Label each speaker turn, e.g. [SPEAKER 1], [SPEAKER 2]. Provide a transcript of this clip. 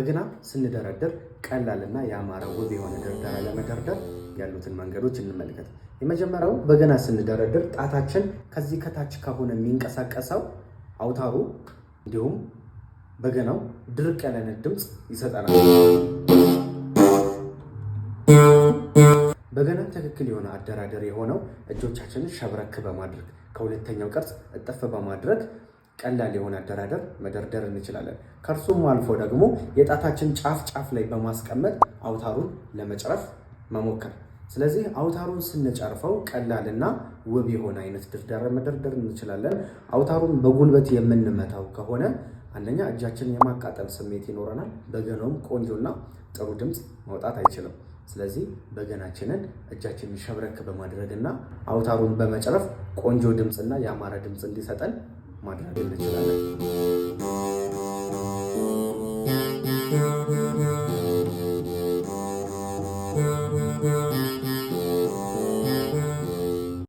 [SPEAKER 1] በግና ስንደረደር ቀላልና ያማረ ውብ የሆነ ደርደራ ለመደርደር ያሉትን መንገዶች እንመልከት። የመጀመሪያው በገና ስንደረድር ጣታችን ከዚህ ከታች ከሆነ የሚንቀሳቀሰው አውታሩ እንዲሁም በገናው ድርቅ ያለንን ድምፅ ይሰጠናል። በገና ትክክል የሆነ አደራደር የሆነው እጆቻችንን ሸብረክ በማድረግ ከሁለተኛው ቅርጽ እጥፍ በማድረግ ቀላል የሆነ አደራደር መደርደር እንችላለን። ከእርሱም አልፎ ደግሞ የጣታችን ጫፍ ጫፍ ላይ በማስቀመጥ አውታሩን ለመጨረፍ መሞከር። ስለዚህ አውታሩን ስንጨርፈው ቀላልና ውብ የሆነ አይነት ድርዳር መደርደር እንችላለን። አውታሩን በጉልበት የምንመታው ከሆነ አንደኛ እጃችን የማቃጠል ስሜት ይኖረናል። በገናውም ቆንጆና ጥሩ ድምፅ መውጣት አይችልም። ስለዚህ በገናችንን እጃችንን ሸብረክ በማድረግና አውታሩን በመጨረፍ ቆንጆ ድምፅና ያማረ ድምፅ እንዲሰጠን మాట్లాడింది చూడాలి thank you